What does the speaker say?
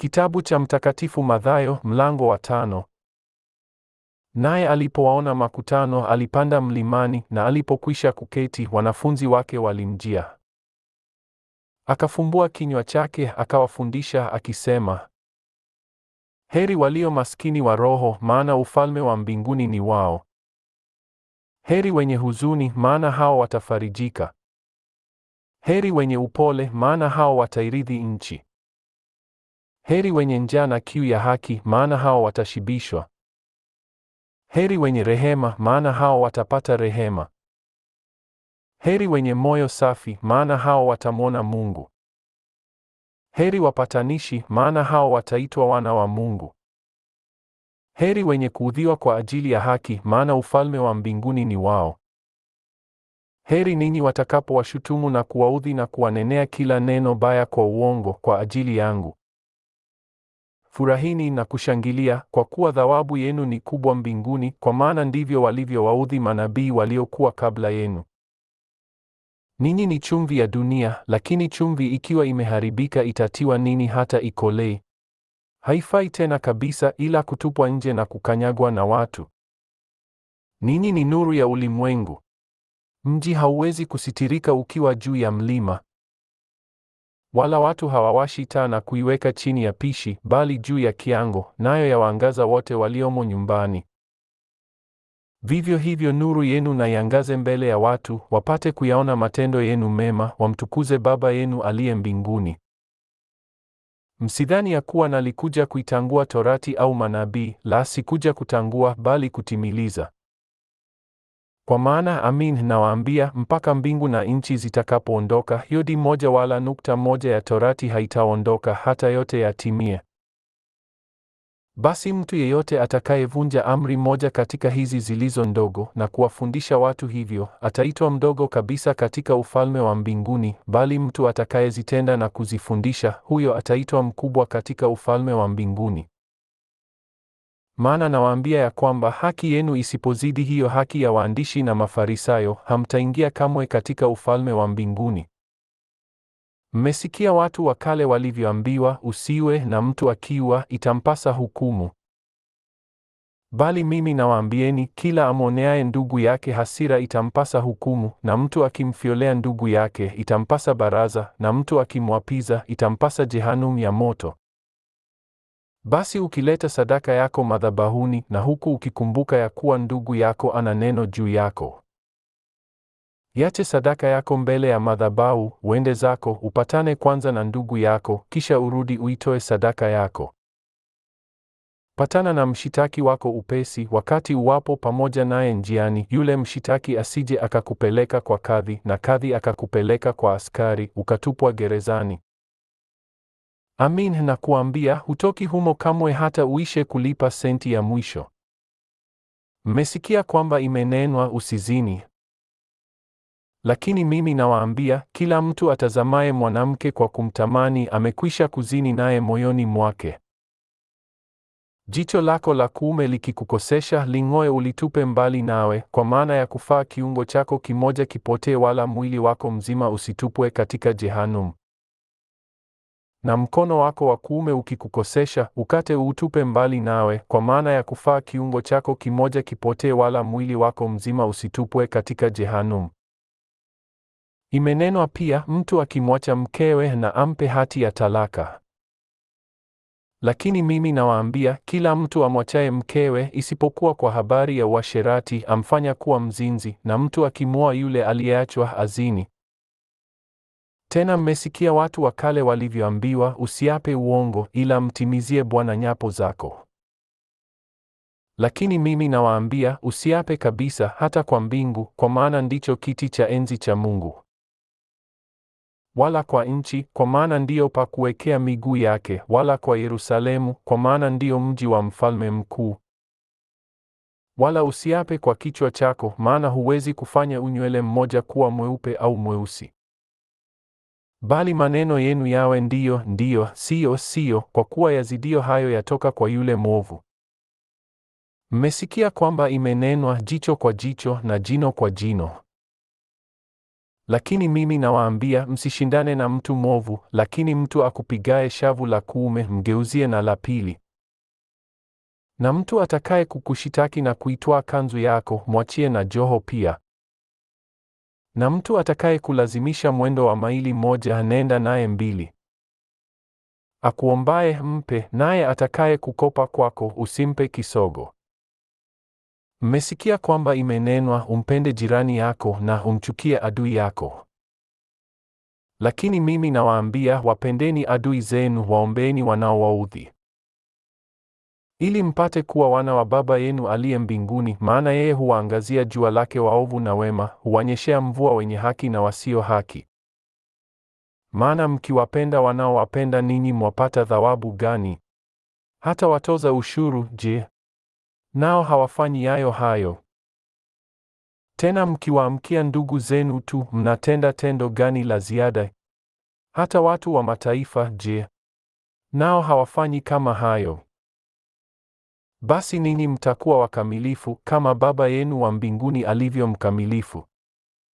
Kitabu cha Mtakatifu Mathayo mlango wa tano. Naye alipowaona makutano alipanda mlimani, na alipokwisha kuketi, wanafunzi wake walimjia. Akafumbua kinywa chake akawafundisha akisema, heri walio maskini wa roho, maana ufalme wa mbinguni ni wao. Heri wenye huzuni, maana hao watafarijika. Heri wenye upole, maana hao watairithi nchi. Heri wenye njaa na kiu ya haki, maana hao watashibishwa. Heri wenye rehema, maana hao watapata rehema. Heri wenye moyo safi, maana hao watamwona Mungu. Heri wapatanishi, maana hao wataitwa wana wa Mungu. Heri wenye kuudhiwa kwa ajili ya haki, maana ufalme wa mbinguni ni wao. Heri ninyi watakapowashutumu na kuwaudhi na kuwanenea kila neno baya kwa uongo kwa ajili yangu. Furahini na kushangilia, kwa kuwa thawabu yenu ni kubwa mbinguni, kwa maana ndivyo walivyowaudhi manabii waliokuwa kabla yenu. Ninyi ni chumvi ya dunia, lakini chumvi ikiwa imeharibika itatiwa nini hata ikolee? Haifai tena kabisa, ila kutupwa nje na kukanyagwa na watu. Ninyi ni nuru ya ulimwengu. Mji hauwezi kusitirika ukiwa juu ya mlima. Wala watu hawawashi taa na kuiweka chini ya pishi, bali juu ya kiango, nayo yawaangaza wote waliomo nyumbani. Vivyo hivyo nuru yenu na iangaze mbele ya watu, wapate kuyaona matendo yenu mema, wamtukuze Baba yenu aliye mbinguni. Msidhani ya kuwa nalikuja kuitangua torati au manabii, la sikuja kutangua, bali kutimiliza. Kwa maana amin, nawaambia, mpaka mbingu na nchi zitakapoondoka, yodi moja wala nukta moja ya Torati haitaondoka hata yote yatimie. Basi mtu yeyote atakayevunja amri moja katika hizi zilizo ndogo na kuwafundisha watu hivyo, ataitwa mdogo kabisa katika ufalme wa mbinguni, bali mtu atakayezitenda na kuzifundisha, huyo ataitwa mkubwa katika ufalme wa mbinguni. Maana nawaambia ya kwamba haki yenu isipozidi hiyo haki ya waandishi na Mafarisayo, hamtaingia kamwe katika ufalme wa mbinguni. Mmesikia watu wa kale walivyoambiwa, usiwe na mtu akiwa, itampasa hukumu. Bali mimi nawaambieni, kila amwoneaye ndugu yake hasira itampasa hukumu, na mtu akimfyolea ndugu yake itampasa baraza, na mtu akimwapiza itampasa jehanamu ya moto. Basi ukileta sadaka yako madhabahuni na huku ukikumbuka ya kuwa ndugu yako ana neno juu yako, yache sadaka yako mbele ya madhabahu, uende zako, upatane kwanza na ndugu yako, kisha urudi uitoe sadaka yako. Patana na mshitaki wako upesi, wakati uwapo pamoja naye njiani, yule mshitaki asije akakupeleka kwa kadhi, na kadhi akakupeleka kwa askari, ukatupwa gerezani. Amin na kuambia hutoki humo kamwe hata uishe kulipa senti ya mwisho. Mmesikia kwamba imenenwa usizini. Lakini mimi nawaambia, kila mtu atazamaye mwanamke kwa kumtamani amekwisha kuzini naye moyoni mwake. Jicho lako la kuume likikukosesha, ling'oe ulitupe mbali nawe, kwa maana ya kufaa kiungo chako kimoja kipotee, wala mwili wako mzima usitupwe katika jehanamu. Na mkono wako wa kuume ukikukosesha, ukate uutupe mbali nawe, kwa maana ya kufaa kiungo chako kimoja kipotee, wala mwili wako mzima usitupwe katika jehanum Imenenwa pia, mtu akimwacha mkewe na ampe hati ya talaka. Lakini mimi nawaambia, kila mtu amwachaye mkewe, isipokuwa kwa habari ya uasherati, amfanya kuwa mzinzi, na mtu akimwoa yule aliyeachwa azini. Tena mmesikia watu wa kale walivyoambiwa, usiape uongo, ila mtimizie Bwana nyapo zako. Lakini mimi nawaambia, usiape kabisa, hata kwa mbingu, kwa maana ndicho kiti cha enzi cha Mungu, wala kwa nchi, kwa maana ndiyo pa kuwekea miguu yake, wala kwa Yerusalemu, kwa maana ndiyo mji wa mfalme mkuu. Wala usiape kwa kichwa chako, maana huwezi kufanya unywele mmoja kuwa mweupe au mweusi. Bali maneno yenu yawe ndiyo, ndiyo, siyo, siyo, kwa kuwa yazidio hayo yatoka kwa yule mwovu. Mmesikia kwamba imenenwa jicho kwa jicho na jino kwa jino. Lakini mimi nawaambia, msishindane na mtu mwovu, lakini mtu akupigaye shavu la kuume mgeuzie na la pili. Na mtu atakaye kukushitaki na kuitwaa kanzu yako mwachie na joho pia na mtu atakaye kulazimisha mwendo wa maili moja anaenda naye mbili. Akuombaye mpe, naye atakaye kukopa kwako usimpe kisogo. Mmesikia kwamba imenenwa, umpende jirani yako na umchukie adui yako. Lakini mimi nawaambia, wapendeni adui zenu, waombeeni wanaowaudhi, ili mpate kuwa wana wa Baba yenu aliye mbinguni, maana yeye huwaangazia jua lake waovu na wema, huwanyeshea mvua wenye haki na wasio haki. Maana mkiwapenda wanaowapenda ninyi, mwapata thawabu gani? Hata watoza ushuru, je, nao hawafanyi yayo hayo? Tena mkiwaamkia ndugu zenu tu, mnatenda tendo gani la ziada? Hata watu wa mataifa, je, nao hawafanyi kama hayo? Basi ninyi mtakuwa wakamilifu kama Baba yenu wa mbinguni alivyo mkamilifu.